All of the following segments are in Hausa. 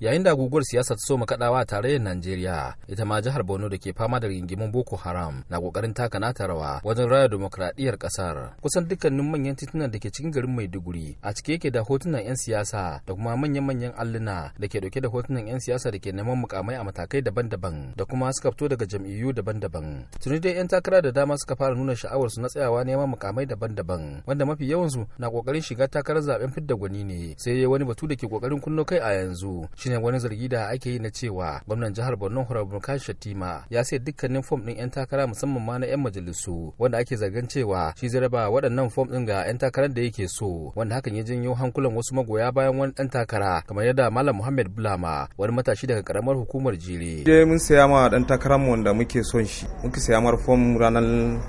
yayin da guguwar siyasa ta soma kadawa a tarayyar Najeriya ita ma jihar Borno da ke fama da rigingimin Boko Haram na kokarin taka nata rawa wajen raya demokradiyyar kasar kusan dukkanin manyan titunan da ke cikin garin Maiduguri a cike yake da hotunan 'yan siyasa da kuma manyan-manyan alluna da ke dauke da hotunan 'yan siyasa da ke neman mukamai a matakai daban-daban da kuma suka fito daga jam'iyyu daban-daban tuni dai 'yan takara da dama suka fara nuna sha'awar su na tsayawa neman mukamai daban-daban wanda mafi yawansu na kokarin shiga takarar zaben fidda gwani ne sai wani batu da ke kokarin kunno kai a yanzu shine wani zargi da ake yi na cewa gwamnan jihar Borno Honorable Kai Shatima ya sai dukkanin fom ɗin 'yan takara musamman ma na 'yan majalisu wanda ake zargin cewa shi zai raba waɗannan fom ɗin ga 'yan takarar da yake so wanda hakan ya janyo hankulan wasu magoya bayan wani ɗan takara kamar yadda Malam Muhammad Bulama wani matashi daga karamar hukumar Jire. Je mun saya ma ɗan takarar mu wanda muke son shi muka saya mar fom ranar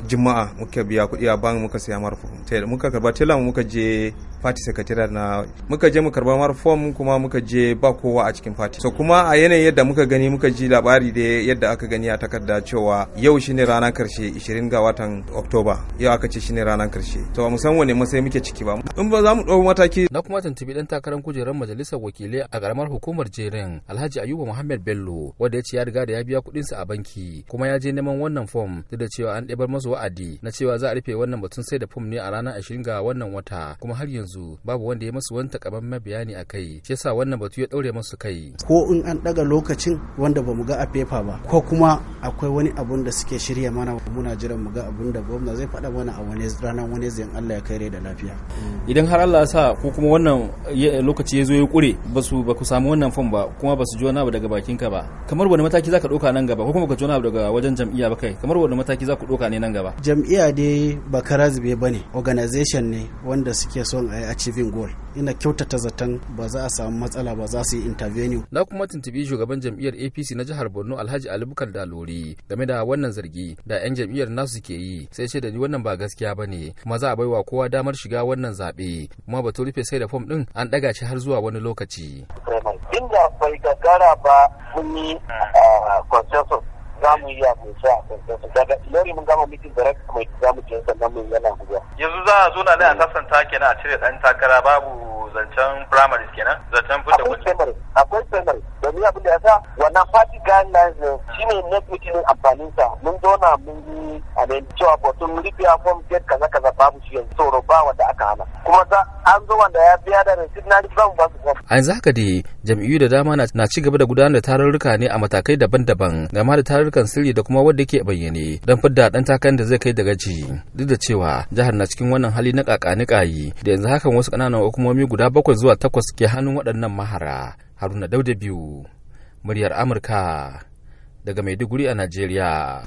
Juma'a muka biya kuɗi a bank muka saya mar fom. Muka karba tela muka je party secretary na muka je mu karba mar fom kuma muka je ba kowa a cikin fati so kuma a yanayin yadda muka gani muka ji labari da yadda aka gani a takarda cewa yau shine ranar karshe 20 ga watan oktoba yau aka ce shine ranar karshe to ba san wane masai muke ciki ba in ba za mu ɗau mataki na kuma tuntubi dan takarar kujerar majalisar wakilai a karamar hukumar jerin alhaji ayuba muhammad bello wanda ya ce ya riga da ya biya kuɗinsa a banki kuma ya je neman wannan fom duk da cewa an ɗebar masa wa'adi na cewa za a rufe wannan batun sai da fom ne a ranar 20 ga wannan wata kuma har yanzu babu wanda ya masu wani takamaiman bayani a kai shi yasa wannan batu ya ɗaure masu suka yi ko in an daga lokacin wanda bamu ga a fefa ba ko kuma akwai wani abun da suke shirya mana muna jiran mu ga abun da gwamna zai faɗa mana a wani ranar wani zai Allah ya kai rai da lafiya idan har Allah ya sa ko kuma wannan lokaci ya zo ya kure ba su ba ku samu wannan fom ba kuma ba su ji wani abu daga bakin ka ba kamar wani mataki za ka ɗauka nan gaba ko kuma ka ji wani abu daga wajen jam'iyya ba kai kamar wani mataki za ku ɗauka ne nan gaba jam'iyya dai ba karazbe ba ne organization ne wanda suke son a yi achieving goal ina kyautata zaton ba za a samu matsala ba za su yi intervene na kuma tuntubi shugaban jam'iyyar apc na jihar borno alhaji alibukar dalori game da wannan zargi da 'yan jam'iyyar nasu ke yi sai ce da ni wannan ba gaskiya ba ne kuma za a wa kowa damar shiga wannan zaɓe kuma batun rufe sai da fom ɗin an ɗaga shi har zuwa wani lokaci. inda bai gagara ba mun yi ah, consensus za mu iya a sa daga lori mun gama mitin da raka mai za mu je sannan mun yana guda. yanzu za a zo na a sasanta kenan a cire dan takara babu zancen primaries kenan zancen fita akwai primary akwai primary domin abin da ya sa wannan party guidelines ne shine ne mutum amfanin sa mun zauna mun yi a cewa batun rufe form get kaza kaza babu shi yanzu tsoro ba wanda aka hana kuma an zo wanda ya biya da rasid na zan ba su a yanzu haka dai jam'iyyu da dama na ci gaba da gudanar da tarurruka ne a matakai daban-daban gama da tarurrukan sirri da kuma wanda ke bayyane don fidda ɗan takan da zai kai da gaji duk da cewa jihar na cikin wannan hali na kakanikayi da yanzu hakan wasu kananan hukumomi guda bakwai zuwa takwas ke hannun waɗannan mahara haruna dauda biyu muryar amurka daga maiduguri a najeriya